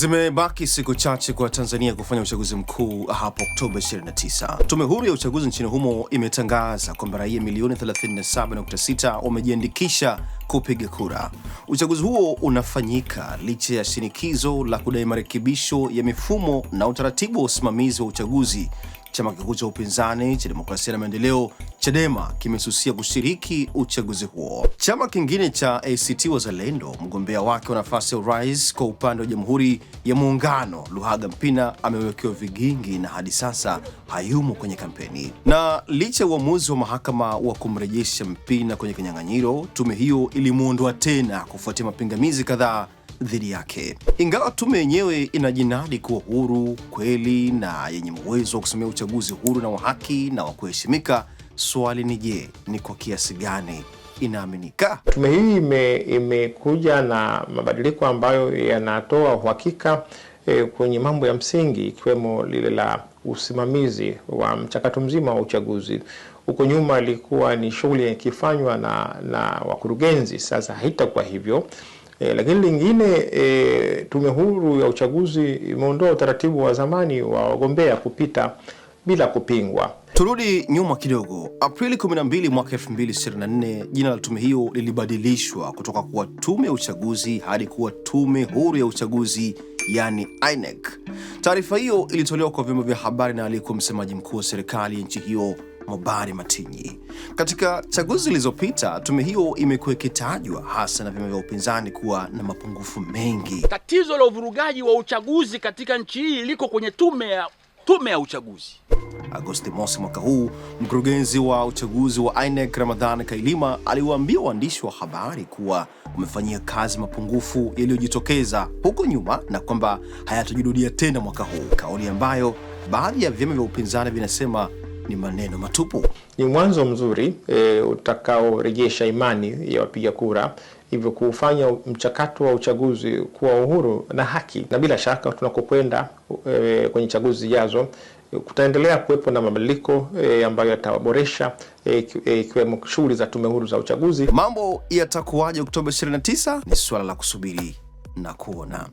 Zimebaki siku chache kwa Tanzania kufanya uchaguzi mkuu hapo Oktoba 29. Tume huru ya uchaguzi nchini humo imetangaza kwamba raia milioni 37.6 wamejiandikisha kupiga kura. Uchaguzi huo unafanyika licha ya shinikizo la kudai marekebisho ya mifumo na utaratibu wa usimamizi wa uchaguzi. Chama kikuu cha upinzani cha Demokrasia na Maendeleo, Chadema, kimesusia kushiriki uchaguzi huo. Chama kingine cha ACT Wazalendo, mgombea wake wa nafasi ya urais kwa upande wa Jamhuri ya Muungano, Luhaga Mpina, amewekewa vigingi na hadi sasa hayumo kwenye kampeni. Na licha ya uamuzi wa mahakama wa kumrejesha Mpina kwenye kinyang'anyiro, tume hiyo ilimwondoa tena kufuatia mapingamizi kadhaa dhidi yake. Ingawa tume yenyewe inajinadi kuwa huru kweli na yenye uwezo wa kusimamia uchaguzi huru na wa haki na wa kuheshimika, swali ni je, ni kwa kiasi gani inaaminika? Tume hii imekuja na mabadiliko ambayo yanatoa uhakika e, kwenye mambo ya msingi ikiwemo lile la usimamizi wa mchakato mzima wa uchaguzi. Huko nyuma ilikuwa ni shughuli ikifanywa na, na wakurugenzi, sasa haitakuwa hivyo. E, lakini lingine e, Tume Huru ya Uchaguzi imeondoa utaratibu wa zamani wa wagombea kupita bila kupingwa. Turudi nyuma kidogo. Aprili 12 mwaka 2024, jina la tume hiyo lilibadilishwa kutoka kuwa Tume ya Uchaguzi hadi kuwa Tume Huru ya Uchaguzi yani INEC. Taarifa hiyo ilitolewa kwa vyombo vya habari na aliyekuwa msemaji mkuu wa serikali ya nchi hiyo Mobari Matinyi. Katika chaguzi zilizopita, tume hiyo imekuwa ikitajwa hasa na vyama vya upinzani kuwa na mapungufu mengi. Tatizo la uvurugaji wa uchaguzi katika nchi hii liko kwenye tume ya tume ya uchaguzi. Agosti mosi mwaka huu, mkurugenzi wa uchaguzi wa INEC ramadhan Kailima aliwaambia waandishi wa habari kuwa umefanyia kazi mapungufu yaliyojitokeza huko nyuma na kwamba hayatajirudia tena mwaka huu, kauli ambayo baadhi ya vyama vya upinzani vinasema ni maneno matupu. Ni mwanzo mzuri e, utakaorejesha imani ya wapiga kura, hivyo kuufanya mchakato wa uchaguzi kuwa uhuru na haki, na bila shaka tunakokwenda e, kwenye chaguzi zijazo kutaendelea kuwepo na mabadiliko e, ambayo yataboresha e, e, ikiwemo e, shughuli za tume huru za uchaguzi. Mambo yatakuwaje Oktoba 29 ni suala la kusubiri na kuona.